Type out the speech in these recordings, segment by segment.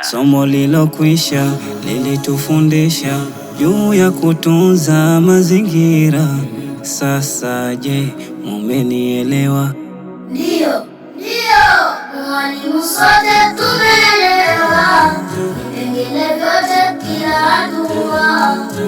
Somo lilokwisha lilitufundisha juu ya kutunza mazingira. Sasa je, mumenielewa? ndio ndio mwalimu, sote tumeelewa.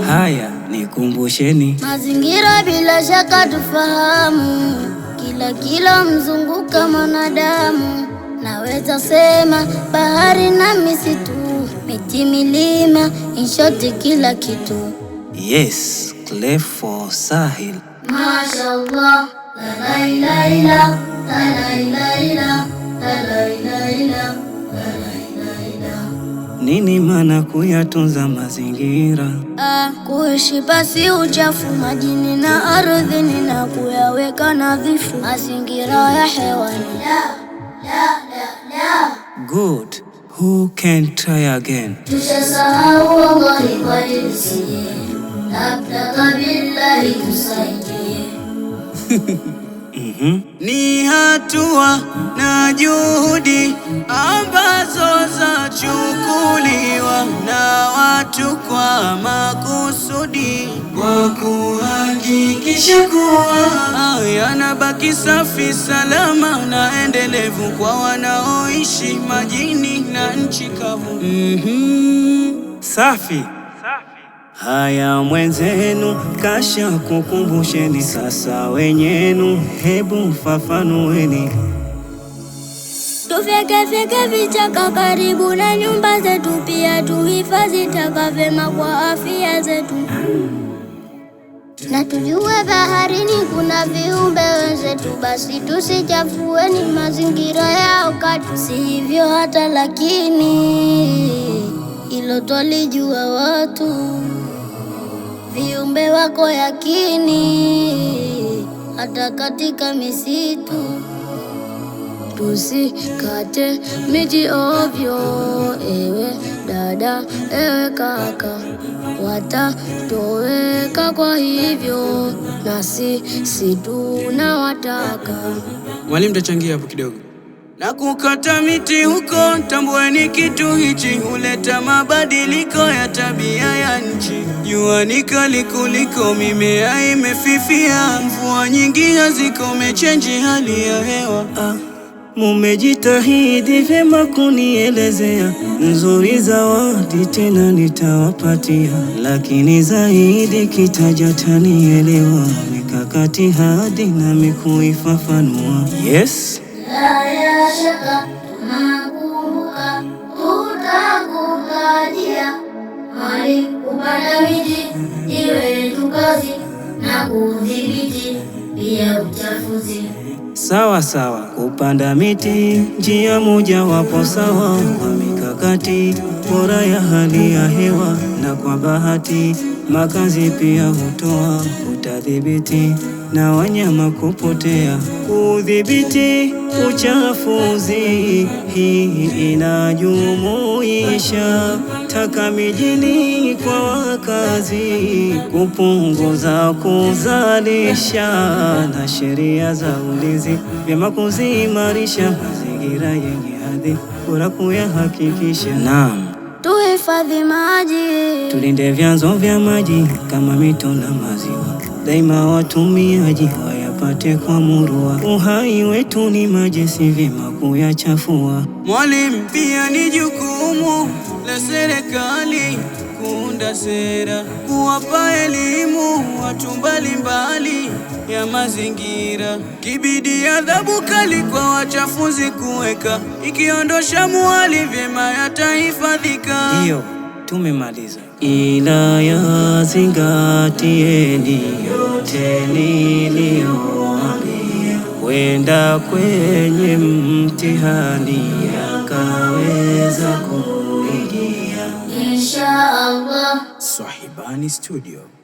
Haya, nikumbusheni mazingira, bila shaka tufahamu, kila kila mzunguka mwanadamu. Naweza sema bahari na misitu, miti, milima, inshoti kila kitu. Yes, clef Sahil. Mashallah, la la nini maana kuyatunza mazingira? Uh, kuishi pasi uchafu majini na ardhini na kuyaweka nadhifu mazingira ya hewani. Good. Who can try again? Tushasahau wallahi, kwa jinsi labda kabila tusaidie. Mm -hmm. Ni hatua na juhudi ambazo za chukua watu kwa makusudi, kwa kuhakikisha kuwa yanabaki safi, salama na endelevu kwa wanaoishi majini na nchi kavu. mm -hmm. Safi. Haya mwenzenu, kasha kukumbusheni sasa wenyenu, hebu fafanueni vyake vichaka karibu na nyumba zetu, pia tuhifadhi taka vyema kwa afya zetu, na tujue baharini kuna viumbe wenzetu, basi tusichafueni mazingira yao kati, si hivyo hata lakini, ilo twalijua watu viumbe wako yakini, hata katika misitu tusikate miji ovyo, ewe dada, ewe kaka, watatoweka. Kwa hivyo na sisi tunawataka. Mwalimu, tachangia hapo kidogo. Na kukata miti huko, tambueni kitu hichi huleta mabadiliko ya tabia ya nchi. Jua ni kali kuliko mimea imefifia, mvua nyingi mechenji hali ya hewa ah mumejitahidi vyema kunielezea nzuri, zawadi tena nitawapatia, lakini zaidi kitaja tanielewa, mikakati hadi nami kuifafanua. Yes, la ya shaka, tunakumbuka, tutakutajia mali kupanda miti iwe tukazi na kudhibiti pia uchafuzi sawa sawa, kupanda miti njia moja wapo sawa, kwa mikakati bora ya hali ya hewa, na kwa bahati makazi pia hutoa, utadhibiti na wanyama kupotea kudhibiti uchafuzi. Hii inajumuisha taka mijini kwa wakazi, kupunguza kuzalisha, na sheria za ulinzi vyema kuzimarisha mazingira yenye hadhi bora kuyahakikisha. Naam, tuhifadhi maji, tulinde vyanzo vya maji kama mito na maziwa, daima watumiaji tupate kwa murua, uhai wetu ni majesi vyema kuyachafua. Mwalimu pia ni jukumu la serikali kuunda sera, kuwapa elimu watu mbalimbali ya mazingira. Kibidi adhabu kali kwa wachafuzi kuweka, ikiondosha mwali vyema yatahifadhika tumemaliza. Ila yazingatieni yote niliyowaambia, wenda kwenye mtihani yakaweza kuingia. Insha Allah. Swahibani Studio.